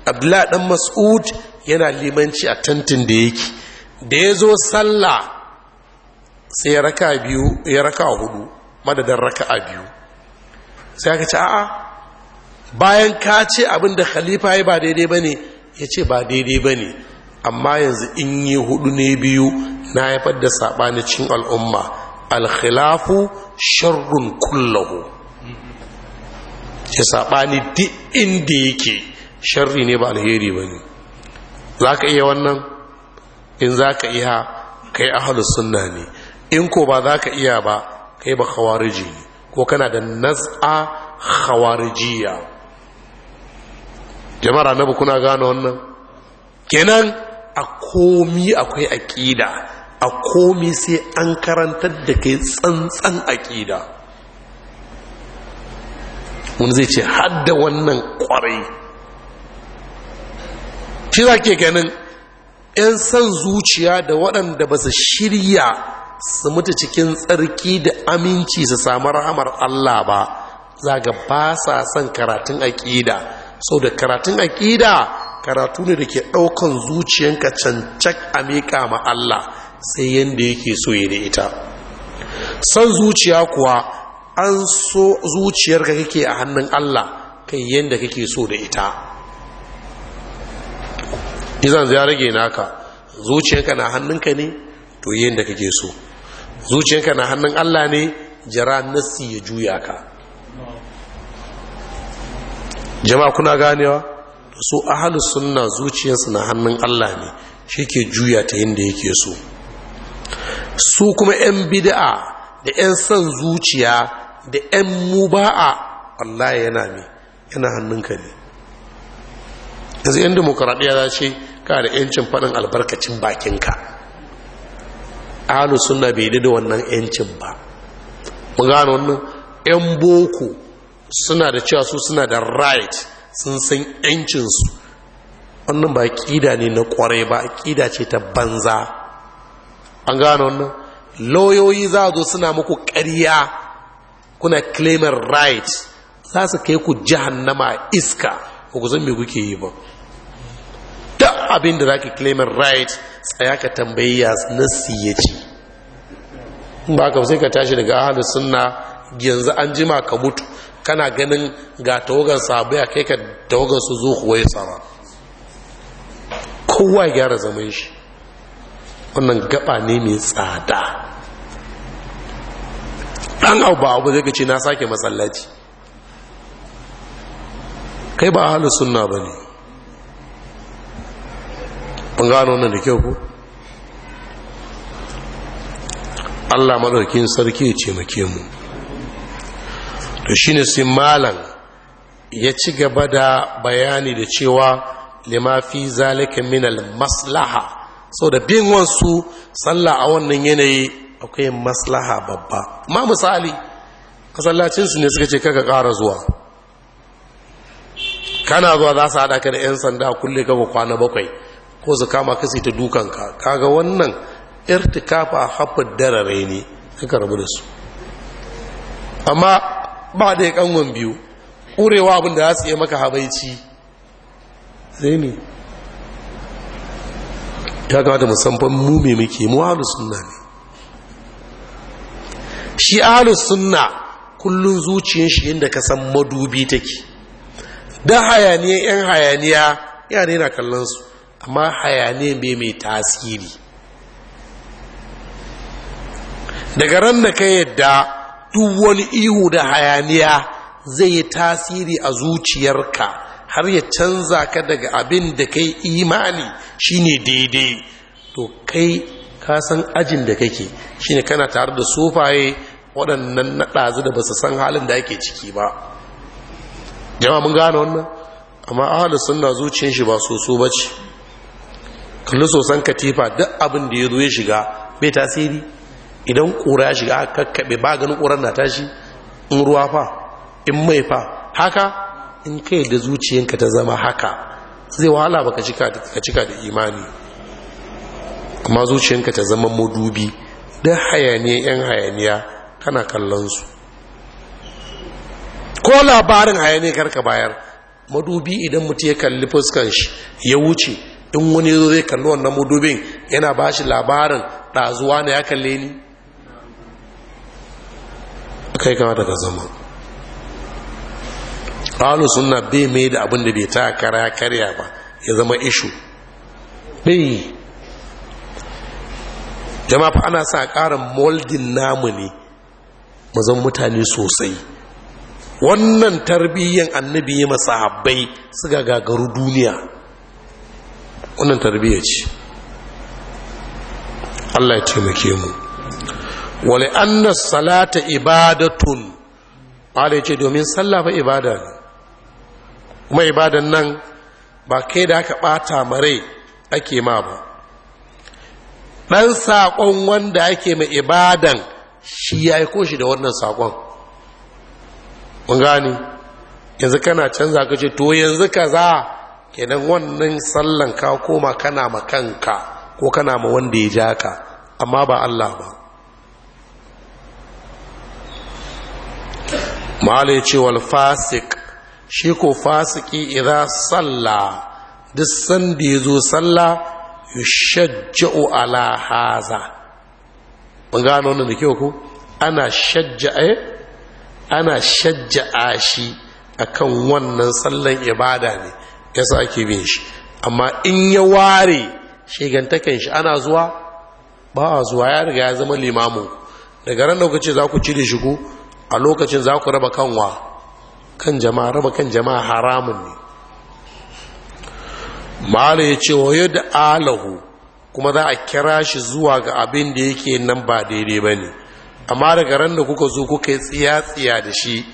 abdullahi dan mas'ud yana limanci a tantin da yake da ya zo sallah sai ya raka biyu ya raka hudu madadin raka a biyu sai aka ce a'a bayan ka ce abin da khalifa ya ba daidai ba ne ya ce ba daidai ba ne amma yanzu in yi hudu ne biyu na haifar da saɓani cin al'umma alkhilafu sharrun kullahu ya saɓani duk inda yake sharri ne ba alheri ba ne za ka iya wannan in za ka iya kai ahalus sunna ne in ko ba za ka iya ba kai ba khawariji ne ko kana da naz'a khawarijiya jama'ar annabi kuna gano wannan kenan a komi akwai aƙida a komi sai an karantar da kai tsantsan aƙida wani zai ce hada wannan kwarai shi za ke ganin 'yan san zuciya da waɗanda ba su shirya su mutu cikin tsarki da aminci su samu rahamar Allah ba za ga ba sa son karatun aƙida sau da karatun aƙida karatu ne da ke ɗaukan zuciyanka cancak a miƙa ma Allah sai yadda yake so ya da ita son zuciya kuwa an so zuciyarka kake a hannun Allah kai yadda kake so da ita izan ya rage naka zuciyanka na hannunka ne to yin da kake so zuciyanka na hannun Allah ne jira nassi ya juya ka jama'a kuna ganewa su ahlus sunna zuciyarsu na hannun Allah ne shi ke juya ta yadda yake so su kuma 'yan bida'a da 'yan san zuciya da 'yan muba'a Allah yana ne yana hannunka ne yanzu 'yan demokaradiyya za ce ka da yancin faɗin albarkacin ka, alusun suna bai da wannan yancin ba mu gano wannan yan boko suna da cewa su suna da right sun san yancinsu wannan ba ƙida ne na kwarai ba ƙida ce ta banza an gano wannan lauyoyi za zo suna muku ƙarya kuna claiming right za su kai ku jihannama iska ba ku zan me kuke yi ba abin da za ka claiming right tsaya ka tambayi ya nassi ya ce ba ka sai ka tashi daga ahalar sunna yanzu an jima ka mutu kana ganin ga tawagar sabu ya kai ka tawagar su zo kuwa ya sama kowa gyara zaman shi wannan gaba ne mai tsada dan abu abu zai ce na sake masallaci kai ba ahalus sunna ba ne mun gano wannan da kyau ku Allah madaukin sarki ya ce mu to shine sai malam ya ci gaba da bayani da cewa lima fi zalika min al maslaha so da bin wansu sallah a wannan yanayi akwai maslaha babba ma misali masallacinsu ne suka ce kaka ƙara zuwa kana zuwa za su haɗa ka da 'yan sanda kulle kaka kwana bakwai ko su kama ka sai ta ka kaga wannan irtikafa a darare ne ka rabu da su amma ba da ya biyu ƙurewa abin da za su yi maka habaici zai ne ya kamata musamman mu me muke mu ahlus sunna ne shi ahlus sunna kullum zuciyar shi inda ka san madubi take Dan hayaniya yan hayaniya yare na kallon su amma hayaniya bai mai tasiri daga ran da ka yadda duk wani ihu da hayaniya zai yi tasiri a zuciyarka har ya canza ka daga abin da kai imani shine daidai to kai ka san ajin da kake shine kana tare da sofaye waɗannan naɗazu da ba su san halin da ake ciki ba jama mun gane wannan amma ahalus na zuciyar shi ba so so ce. kalli sosan katifa duk abin da ya zo ya shiga bai tasiri idan kura ya shiga aka kabe ba ganin ƙuran na tashi in ruwa fa in mai fa haka in kai da zuciyanka ta zama haka zai wahala ba ka cika da imani amma zuciyanka ta zama madubi duk hayaniya yan hayaniya kana kallon su ko labarin hayaniya karka bayar madubi idan mutu ya kalli fuskan shi ya wuce in wani zo zai kalli wannan mudubin yana ba shi labarin ɗazuwa na ya kalle ni kai kama daga zama ƙalu suna bai mai da abin da bai ta kara karya ba ya zama ishu bai jama fa ana sa ƙarin moldin namu ne zama mutane sosai wannan tarbiyyar annabi ya masahabbai su gagaru duniya wannan tarbiyya ce Allah ya taimake mu wale anna salata ibadatun Allah ce domin sallah ba ibada ne kuma ibadan nan ba kai da aka bata mare ake ma ba dan saƙon wanda ake mai ibadan shi ya yi shi da wannan sakon mun gani yanzu kana canza ka ce to yanzu ka kaza kenan wannan sallan ka koma kana ma kanka ko kana ma wanda ya ja ka amma ba Allah ba mala ya ce wal fasik shi ko fasiki idan salla duk sanda ya zo salla yushajja'u ala haza mun gano wannan da kyau ko ana shajja'a ana shajja'a shi akan wannan sallan ibada ne yasa ake bin shi amma in ya ware shigantakan shi ana zuwa ba a zuwa ya riga ya zama limamu daga ran lokacin za ku cire shi ku a lokacin za ku raba kanwa kan jama'a raba kan jama'a haramun ne mala ya ce wayo da alahu kuma za a kira shi zuwa ga abin da yake nan ba daidai ba ne amma daga ran da kuka zo kuka yi tsiya-tsiya da shi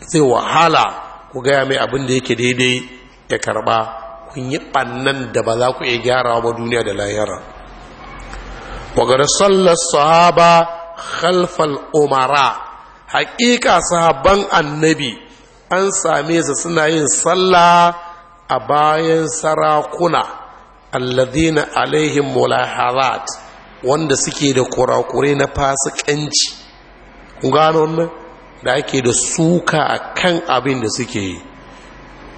sai wahala ku gaya mai abin da yake daidai ya karba kun yi ɓannan da ba za ku iya gyara ba duniya da layara wagar sallar sahaba khalfal umara haƙiƙa sahaban annabi an same su suna yin sallah a bayan sarakuna alladhina alaihim mulahazat wanda suke da kurakure na fasikanci kun gano wannan da ake da suka a kan abin da suke yi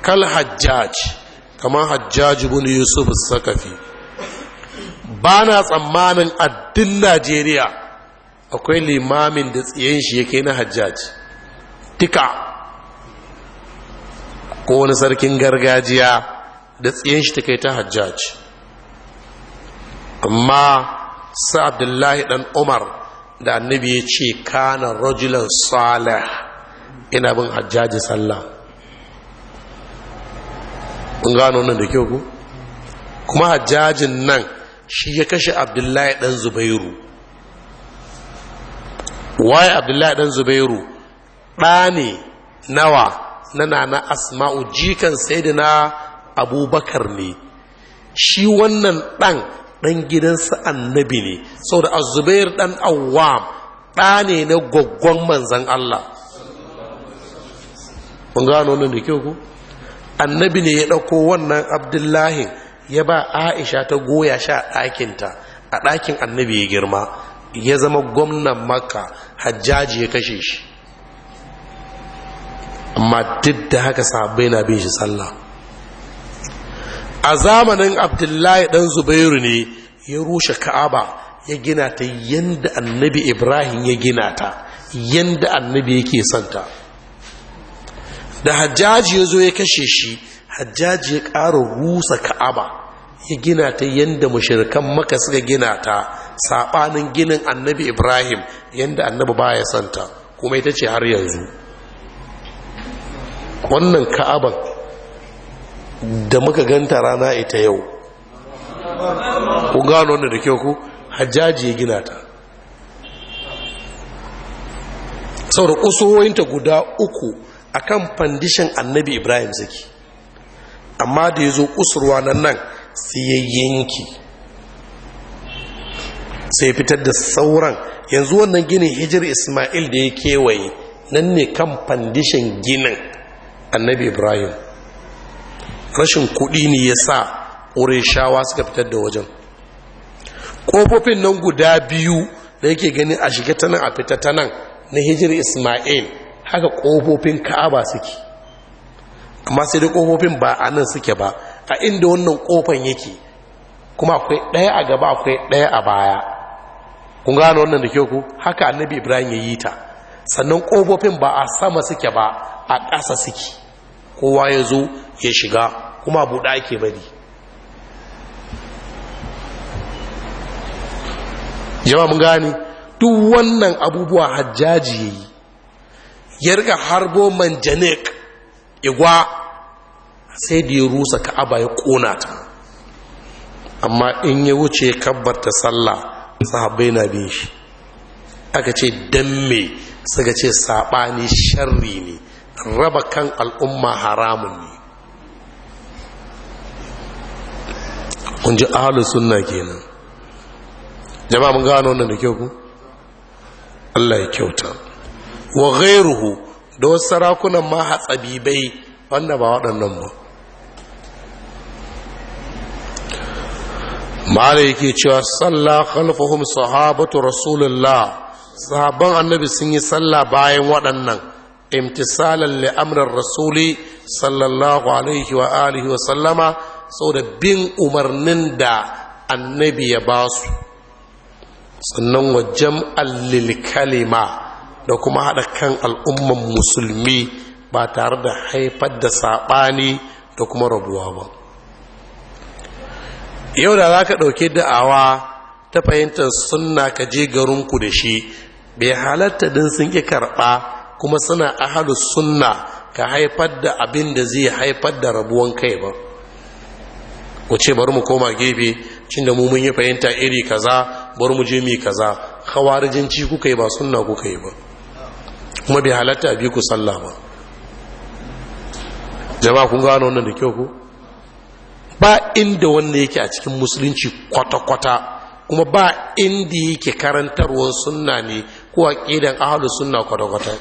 kal hajjaj kamar hajjaj ibn yusuf sakafi ba na tsammanin addin najeriya akwai limamin da tsayen shi yake na hajjaj Tika ko wani sarkin gargajiya da tsayen shi ta ta hajjaj amma sa abdullahi dan umar da annabi ya ce kana rajulan salih ina bin hajjaji sallah kun gano nan da kyau ku kuma hajjajin nan shi ya kashe abdullahi dan zubairu waye abdullahi dan zubairu ɗa ne nawa na nana asma'u jikan na abubakar ne shi wannan ɗan ɗan gidansa annabi ne saboda azubair ɗan awam ɗa ne na gwaggon manzan allah mun gano nan da kyau ku annabi ne ya ɗauko wannan abdullahi ya ba aisha ta goya shi a ɗakinta a ɗakin annabi ya girma ya zama gwamnan maka hajjaji ya kashe shi amma duk da haka sabai na bin shi sallah a zamanin abdullahi ɗan zubairu ne ya rushe ka'aba ya gina ta yadda annabi ibrahim ya gina ta yadda annabi yake santa da hajjaji ya zo ya kashe shi hajjaji ya ƙara rusa ka'aba ya gina ta yadda mashirkan maka suka gina ta saɓanin ginin annabi ibrahim yadda annabi baya santa kuma ita ce har yanzu wannan ka'aban da muka ganta rana ita yau ku gano wanda da kyau ku hajjaji ya gina ta sau da guda uku akan fandishin annabi ibrahim zaki amma da ya zo kusurwa nan nan sai ya yanki sai fitar da sauran yanzu wannan ginin hijir ismail da ya kewaye nan ne kan fandishin ginin annabi ibrahim rashin kudi ne ya sa shawa suka fitar da wajen ƙofofin nan guda biyu da yake gani a shiga tanan a fita na hijir ismail haka ƙofofin ka'aba suke amma sai dai ƙofofin ba a nan suke ba a inda wannan ƙofan yake kuma akwai ɗaya a gaba akwai ɗaya a baya kun gano wannan da ke ku haka annabi ibrahim ya yi ta sannan ƙofofin ba a sama suke ba a ƙasa suke kowa ya zo ya shiga kuma buɗe ake bari jama'a mun gane duk wannan abubuwa hajjaji ya yi ya riga harbo manjanik igwa sai da ya rusa ka'aba ya kona ta amma in ya wuce kabbarta sallah sahabbai na bin shi aka ce dan me suka ce saɓani sharri ne raba kan al'umma haramun ne kun ji ahalus sunna kenan jama'a mun gano wannan da kyau ku Allah ya kyauta wa gairuhu, da wasu sarakunan ma hatsabibai wanda ba waɗannan ba ma'ana yake cewa sallah khalfahum sahabatu rasulullah sahabban annabi sun yi sallah bayan waɗannan imtisalan li'amrin rasuli sallallahu alaihi wa alihi wa sallama saboda bin umarnin da annabi ya ba su sannan wajen allil kalima da kuma haɗa kan al'umman musulmi ba tare da haifar da saɓani da kuma rabuwa ba yau da za ka ɗauki da'awa ta fahimtar suna ka je garinku da shi bai halatta din sun ƙi karɓa kuma suna ahalu sunna ka haifar da abin da zai haifar da rabuwan kai ba ku ce bari mu koma gefe cin da mu yi fahimta iri kaza bari mu je mi kaza khawarijinci kuka yi ba sunna kuka yi ba kuma bai halatta a bi ku sallah ba jama'a kun gano wannan da kyau ku ba inda wanda yake a cikin musulunci kwata-kwata kuma ba inda yake karantarwar sunna ne ko a ƙidan ahalu sunna kwata-kwata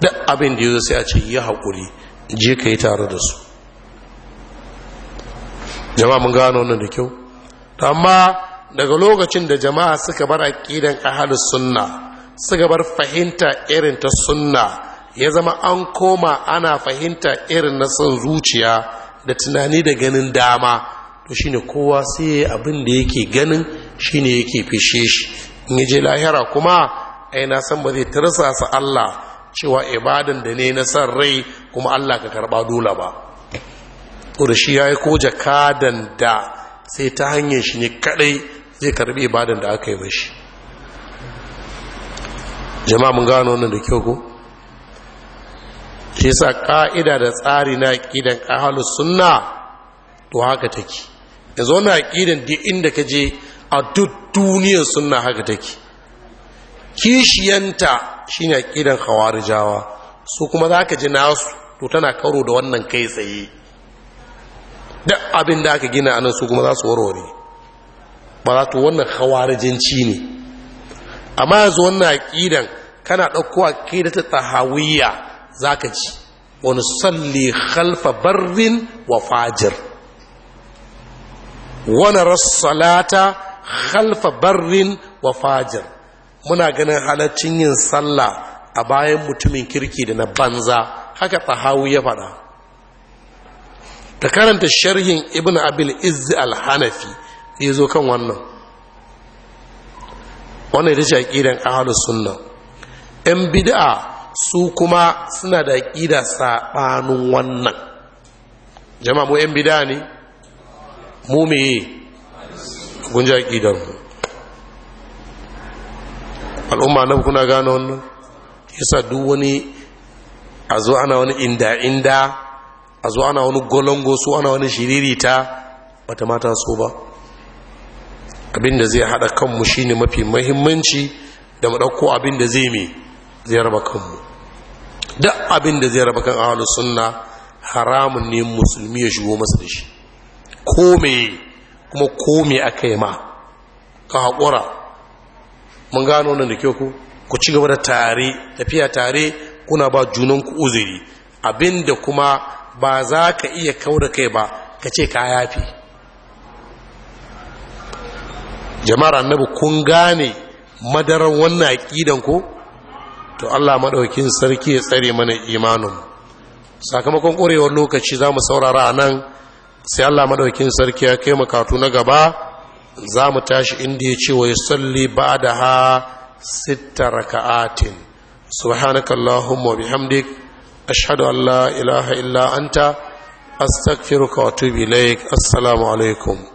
da abin da ya zo sai a ce yi haƙuri je ka yi tare da su jama'a mun gano wannan da kyau amma daga lokacin da jama'a suka bar a ƙidan ahalu sunna su gabar fahimta irin ta sunna ya zama an koma ana fahimta irin na son zuciya da tunani da ganin dama to shine kowa sai abin da yake ganin shine yake fishe shi in je lahira kuma ai na san ba zai sa Allah cewa ibadan da ne na san rai kuma Allah ka karba dole ba to da shi yayi ko jakadan da sai ta hanyar shi ne kadai zai karbi ibadan da aka yi mashi jama'a mun gano wannan da kyau ko shi sa ƙa'ida da tsari na aƙidan ahalus sunna to haka take yanzu wannan aƙidan duk inda ka je a duk duniyar suna haka take kishiyanta shine aƙidan khawarijawa su kuma za ka ji nasu to tana karo da wannan kai tsaye duk abin da aka gina anan su kuma za su warware ba za to wannan khawarijinci ne amma yanzu wannan aqidan kana dauko ta tahawiyya zaka ci wani salli khalfa barrin wa fajir wani rassalata khalfa barrin wa fajir muna ganin halaccin yin sallah a bayan mutumin kirki da na banza haka tahawu ya faɗa ta karanta sharhin ibn abil izzi al-hanafi ya zo kan wannan wannan ita ce aƙidan ahlus sunna yan bid'a su kuma suna da ƙida saɓanin wannan jama'a mu yan bid'a ne mu meye kun ji aqidar mu al'umma na kuna gane wannan yasa duk wani a zo ana wani inda-inda a zo ana wani golongo su ana wani shiririta ta mata so ba abin da zai haɗa kanmu shine mafi mahimmanci da mu ɗauko abin da zai mai zai raba kanmu duk abin da zai raba kan ahalus sunna haramun ne musulmi ya shigo masa da shi kome kuma kome aka ma ka haƙura mun gano nan da kyau ku ku ci gaba da tare tafiya tare kuna ba junan ku uzuri abin da kuma ba za ka iya kau kai ba ka ce ka yafi jama'ar annabi kun gane madaran wannan aqidan ko to Allah madaukin sarki ya tsare mana imanin sakamakon korewar lokaci zamu saurara nan sai Allah madaukin sarki ya kai mu katu na gaba zamu tashi inda ya ce wa yusalli ba'daha sita raka'atin subhanakallahumma wa bihamdik ashhadu an la ilaha illa anta astaghfiruka wa atubu ilaik assalamu alaikum